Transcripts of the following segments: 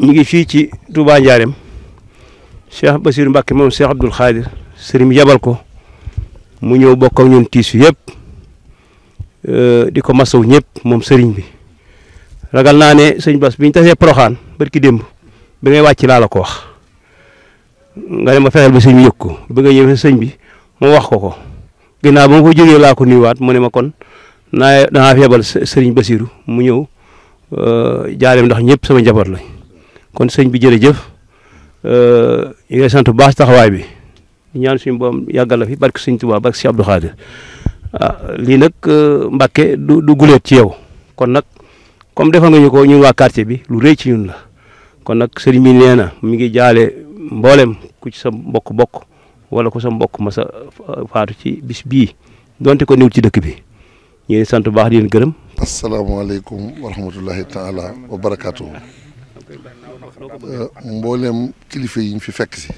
mi ngi fii ci Touba Ndiarème Cheikh Basir Mbacke moom Cheikh Abdoul Khadir sëriñ jabal ko mu ñëw bokk ak ñun tiis yëpp euh, di ko masaw ñëpp moom sëriñ bi ragal naa ne sëñ Bas bi ñu tasee Poroxaan barki démb bi ngay wàcc laa la ko wax nga ne ma fexeel ba sëñ bi yëg ko bi nga ñëw sëñ bi moo wax ko ko ginnaaw ba ma ko laa ko nuyuwaat mu ne ma kon naa danaa fi yabal sëriñ Basiru mu ñëw euh, Ndiarème ndax ñëpp sama njaboot lañ. kon sëñ bi jërëjëf euh, ñu ngay sant bu baax taxawaay bi ñaan suñu boom yàggal la fi barke sëñ Tuubaa barke si Abdou Khadir ah, lii nag euh, Mbàkke du du guleet ci yow kon nag comme defal nga ñu ko ñun waa quartier bi lu rëy ci ñun la kon nag sëriñ bi nee na mi ngi jaale mboolem ku ci sa mbokk bokk wala ku sa mbokk ma sa faatu ci bis bii donte ko néew ci dëkk bi ñu sant baax di leen gërëm. asalaamaaleykum wa rahmatulahi taala wa barakaatu. Euh, mbooleem kilifa yi ñu fi fekk si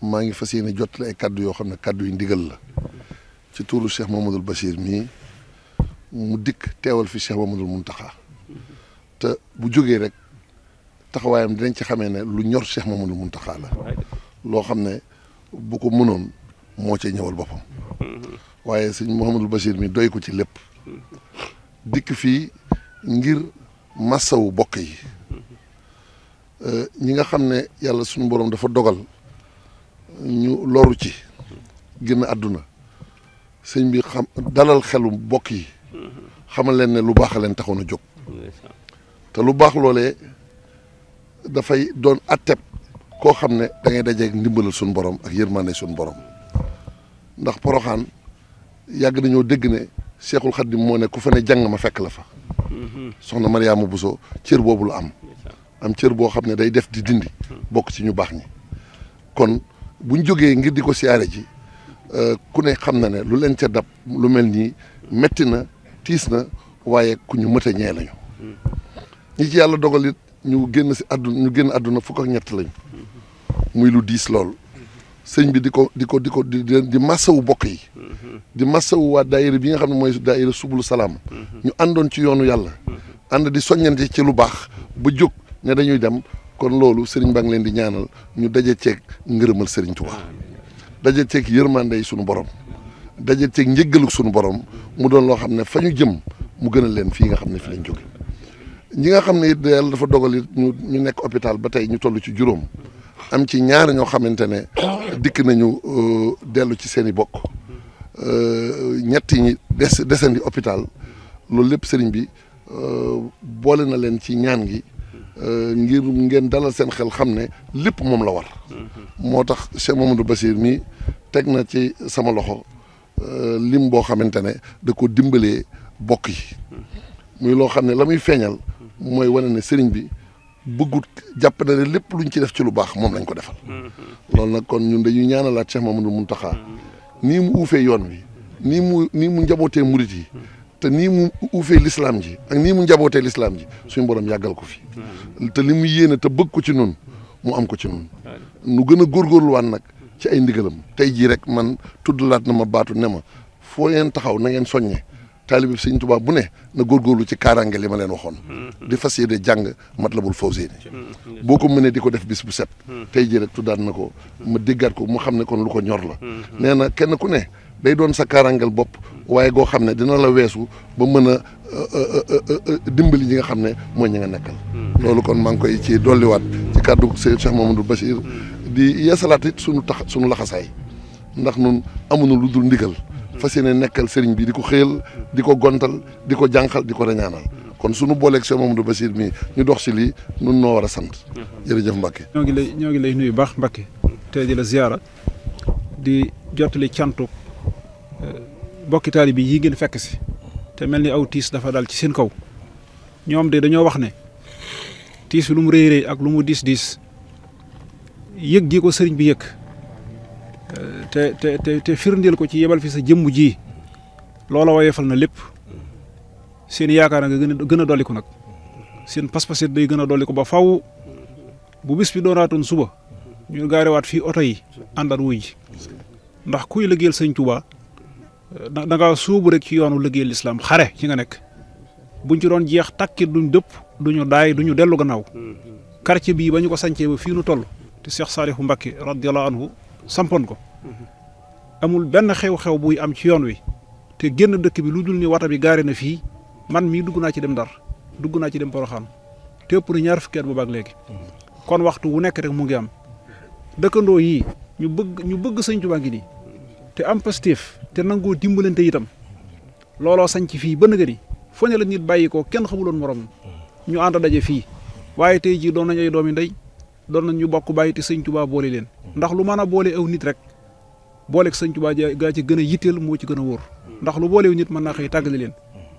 maa ngi fas yéene jot la ay kaddu yoo xam ne kàddu yu ndigal la ci tuuru Cheikh Mamadou Bachir mii mu dikk teewal fi Cheikh Mamadou Mountakha te bu jógee rek taxawaayam dinañ ci xamee ne lu ñor Cheikh Mamadou Mountakha la loo xam ne bu ko mënoon moo cee ñëwal boppam waaye sëñ Mouhamadou Bachir mi doy ko ci lépp dikk fii ngir massawu bokk yi eh, ñi nga xam ne yàlla suñu borom dafa dogal ñu loru ci génn àdduna sëñ bi xam dalal xelu bokk yi xamal leen ne lu baax a leen taxoon a jóg te lu baax loolee dafay doon atteb koo xam ne dangay daje dajeeg ndimbalal suñu borom ak yërmande suñu borom ndax poroxaan yàgg nañoo dégg ne seexul xaddim moo ne ku fa jàng ma fekk la fa soxna bu Bousso cër boobu la am am cër boo xam ne day def di dindi bokk ci ñu baax ñi kon buñ jógee ngir di ko siyaare ji euh, ku ne xam na ne lu leen ca dab lu mel nii metti na tiis na waaye ku ñu mët a ñee lañu ñi ci yàlla dogal ñu génn si àdduna ñu génn àdduna fukk ak ñett lañu muy lu diis lool sëñ bi di ko di ko di ko di di massawu bokk yi di massawu waa daayira bi nga xam ne mooy daayira subulu salaam ñu àndoon ci yoonu yàlla ànd di soññante ci lu baax ba jóg ne dañuy dem kon loolu sëriñ baa leen di ñaanal ñu daje ceeg ngërëmal sëriñ Tuubaa daje ceeg yërmande yi sunu borom daje ceeg njëggalu sunu borom mu doon loo xam ne fa ñu jëm mu gënal leen fii nga xam ne fi lañ jóge ñi nga xam ne it yàlla dafa dogal it ñu nekk hôpital ba tey ñu tollu ci juróom am ci ñaar ñoo xamante ne dikk nañu euh, dellu ci seen i bokk euh, ñetti ñi des desandi loolu lépp sëriñ bi. boole na leen ci ñaan gi euh, ngir ngeen dalal seen xel xam ne lépp moom la war. moo tax Cheikh Mamadou Bassir nii teg na ci sama loxo euh, lim boo xamante ne da ko dimbalee bokk yi muy loo xam ne la muy feeñal mooy wane ne sëriñ bi bëggut jàpp na lépp luñ ci def ci lu baax moom lañ ko defal. loolu nag kon ñun dañuy ñaanalaat Cheikh Mamadou Mountakha nii mu uufee yoon wi nii mu nii mu njabootee murit yi. te nii mu uufee lislaam ji ak nii mu njabootee lislaam ji suñ suñu borom yàggal ko fi te li mu yéene te bëgg ko ci noonu mu am ko ci noonu nu gën a góor góorgóorluwaan nag ci ay ndigalam tey jii rek man tudd laat na ma baatu ne ma foo leen taxaw na ngeen soññe taalibe bi sëñ tubaab bu ne na góor góorgóorlu ci kaaraange li ma leen waxoon di fas yéene jàng mat la Matlabul Fawzeyni boo ko mënee di ko def bis bu set tey jii rek tuddaat na ko ma déggaat ko mu xam ne kon lu ko ñor la mm-hmm. nee na kenn ku ne day doon sa kaaraangel bopp waaye goo xam ne dina la weesu ba mën a euh, euh, euh, dimbali ñi nga xam ne mooy ñi nga nekkal. Hmm. loolu kon maa ngi koy ci dolliwaat ci kàddu Seydou Cheikh Mamadou Bachir. Hmm. di yeesalaat it sunu tax sunu laxasaay ndax nun amuñu lu dul ndigal. Hmm. fas yéene nekkal sëriñ bi di ko xëyal di ko gontal di ko jànqal di ko rañaanal kon sunu booleeg moom du Bachir mii ñu dox si lii nun noo war a sant. jërëjëf Mbacke. ñoo ngi lay ñoo ngi lay nuyu baax Mbacke te di la ziyaara di jottali cantu. bokki bi yi ngeen fekk si te mel ni aw tiis dafa dal ci seen kaw ñoom de dañoo wax ne tiis lu mu rëy rëy ak lu mu diis diis yëg gi ko sëriñ bi yëg te te te te firndeel ko ci yebal fi sa jëmm ji loolo loola woyefal na lépp seen yaakaar nga gën a gën a dolliku nag seen pas-pasit day gën a ko ba faw bu bis bi doonaatoon suba ñu gaarewaat fii oto yi àndaat wuy ji ndax kuy liggéeyal sëñ Tuubaa da nga suubu rek ci yoonu liggéey lislaam xare ci nga nekk buñ ci doon jeex takki duñ dëpp duñu daay duñu dellu gannaaw quartier bii ba ñu ko sancee ba fii nu toll te Cheikh Saalihu Mbacké radiyallahu anhu sampoon ko amul benn xew-xew buy am ci yoon wi te génn dëkk bi lu dul ni wata bi gaare na fii man mii dugg naa ci dem Ndar dugg naa ci dem Poroxaan te ëpp na ñaar fukki bu baag léegi kon waxtu wu nekk rek mu ngi am dëkkandoo yi ñu bëgg ñu bëgg sëñ Tuubaa ngi te am pastéef te nangoo dimbalante itam looloo sañ ci fii ba nëgëri fo ne la nit bàyyi ko kenn xamuloon morom ñu ànd daje fii waaye tey jii doon nañ ay doomi ndey doon nañ ñu bokk bàyyi te sëñ boole leen ndax lu man a boole aw nit rek booleeg sëñ Tuubaa gaa ci gën a yitteel moo ci gën a wóor ndax lu booleew nit mën naa xëy tàggale leen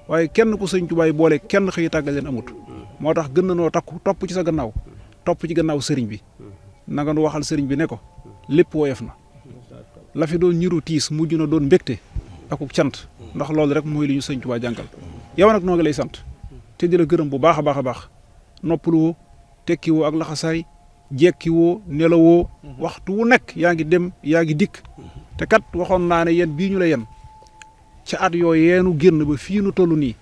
waaye kenn ku sëñ Tuubaa boole kenn xëy tàggale leen amut moo tax gën na noo takku topp ci sa gannaaw topp ci gannaaw sëriñ bi na nu waxal sëriñ bi ne ko lépp woyof na lafi fi doon ñiru tiis mujj na doon mbégte akuk cant ndax loolu rek mooy li ñu sëñ Tuubaa jàngal yow nag noo lay sant te di la gërëm bu baax a baax a baax noppaluwoo tekkiwoo ak laxasaay jekkiwoo nelawoo waxtu wu nekk yaa ngi dem yaa ngi dikk te kat waxoon naa ne yéen bii ñu la yen ca at yooyu yeenu génn ba fii nu toll nii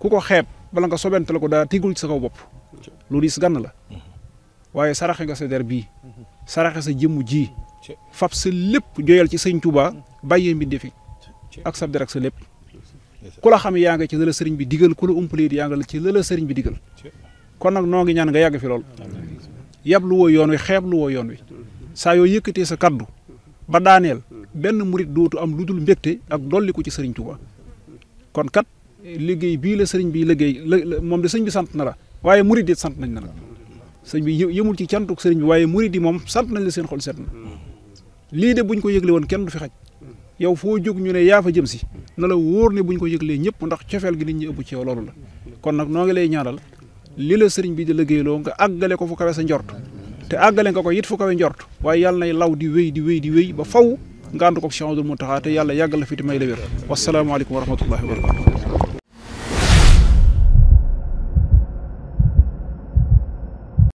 ku ko xeeb bala nga sobente ko daa tigul ci sa kaw bopp lu diis gann la mm-hmm. waaye saraxe nga sa der bii mm-hmm. saraxe sa jëmmu ji fab sa lépp joyal ci sëñ Touba mm. bàyyee mbinde defi ak sab der sa lépp ku la xam yaa ngi ci lëla sëriñ bi digal ku la umpalee yaa nga ci lëla sëriñ bi digal kon nag noo ngi ñaan nga yàgg fi lool yab lu woo yoon wi xeeb lu woo yoon wi saa yoo yëkkatee sa kàddu ba daaneel benn murit dootu am lu dul mbégte ak dolli ci sëriñ Touba kon kat liggéey bii la sëriñ bi liggéey moom de sëriñ bi sant na la waaye murit it sant nañ na la sëñ bi yëmul ci cantuk sëriñ bi waaye murid yi moom sant nañ la seen xol set na lii de buñ ko yëgle woon kenn du fi xaj yow foo jóg ñu ne yaa fa jëm si na la wóor ne buñ ko yëglee ñëpp ndax cofeel gi nit ñi ëpp ci yow loolu la kon nag noo ngi lay ñaanal li la sëriñ bi di liggéeyloo nga àggale ko fu kawe sa njort te àggale nga ko it fu kawe njort waaye yàlla nay law di wéy di wéy di wéy ba faw nga ànd ko Cheikh Ahmadou Mountakha te yàlla yàggal la fi te w la wér wasalaamaaleykum wa rahmatullahi wa